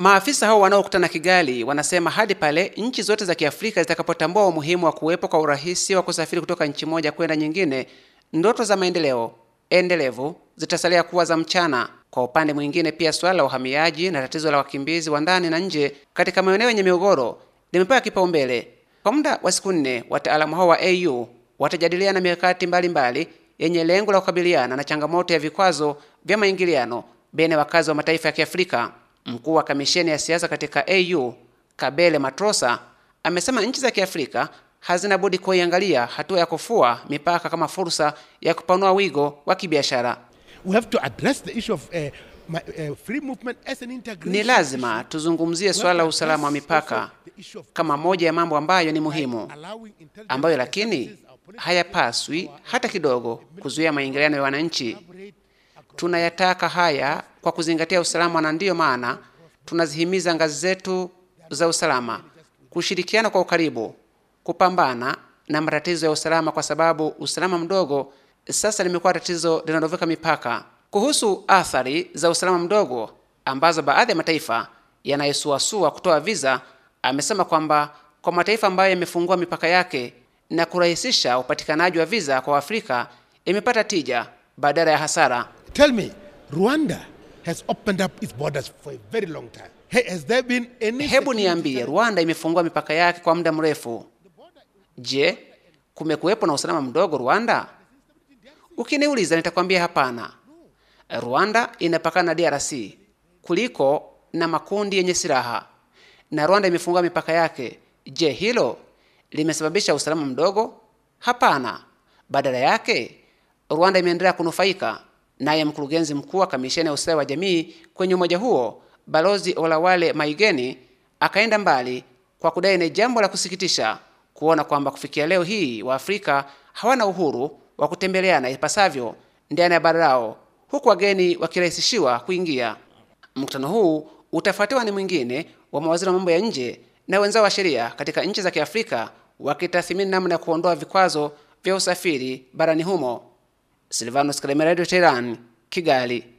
Maafisa hao wanaokutana Kigali wanasema hadi pale nchi zote za Kiafrika zitakapotambua umuhimu wa kuwepo kwa urahisi wa kusafiri kutoka nchi moja kwenda nyingine, ndoto za maendeleo endelevu zitasalia kuwa za mchana. Kwa upande mwingine, pia suala la uhamiaji na tatizo la wakimbizi wa ndani na nje katika maeneo yenye migogoro limepewa kipaumbele. Kwa muda wa siku nne, wataalamu hao wa AU watajadiliana mikakati mbalimbali yenye lengo la kukabiliana na changamoto ya vikwazo vya maingiliano baina ya wakazi wa mataifa ya Kiafrika. Mkuu wa kamisheni ya siasa katika AU Kabele Matrosa amesema nchi za Kiafrika hazina budi kuiangalia hatua ya kufua mipaka kama fursa ya kupanua wigo wa kibiashara. We have to address the issue of uh, free movement as an integration. Ni lazima tuzungumzie suala la usalama wa mipaka kama moja ya mambo ambayo ni muhimu, ambayo lakini hayapaswi hata kidogo kuzuia maingiliano ya wananchi. Tunayataka haya kwa kuzingatia usalama, na ndiyo maana tunazihimiza ngazi zetu za usalama kushirikiana kwa ukaribu kupambana na matatizo ya usalama, kwa sababu usalama mdogo sasa limekuwa tatizo linalovuka mipaka. Kuhusu athari za usalama mdogo ambazo baadhi ya mataifa yanayesuasua kutoa viza, amesema kwamba kwa mataifa ambayo yamefungua mipaka yake na kurahisisha upatikanaji wa viza kwa Waafrika imepata tija badala ya hasara. Tell me, Rwanda has opened up its borders for a very long time. Has there been any... Hebu niambie, Rwanda imefungua mipaka yake kwa muda mrefu. Je, kumekuwepo na usalama mdogo Rwanda? Ukiniuliza nitakwambia hapana. Rwanda inapakana na DRC kuliko na makundi yenye silaha, na Rwanda imefungua mipaka yake. Je, hilo limesababisha usalama mdogo? Hapana. Badala yake, Rwanda imeendelea kunufaika Naye mkurugenzi mkuu wa kamisheni ya ustawi wa jamii kwenye umoja huo Balozi Olawale Maigeni akaenda mbali kwa kudai ni jambo la kusikitisha kuona kwamba kufikia leo hii Waafrika hawana uhuru wa kutembeleana ipasavyo ndani ya bara lao, huku wageni wakirahisishiwa kuingia. Mkutano huu utafuatiwa ni mwingine wa mawaziri wa mambo ya nje na wenzao wa sheria katika nchi za Kiafrika wakitathmini namna ya kuondoa vikwazo vya usafiri barani humo. Silvano Scremeredo Cerani, Kigali.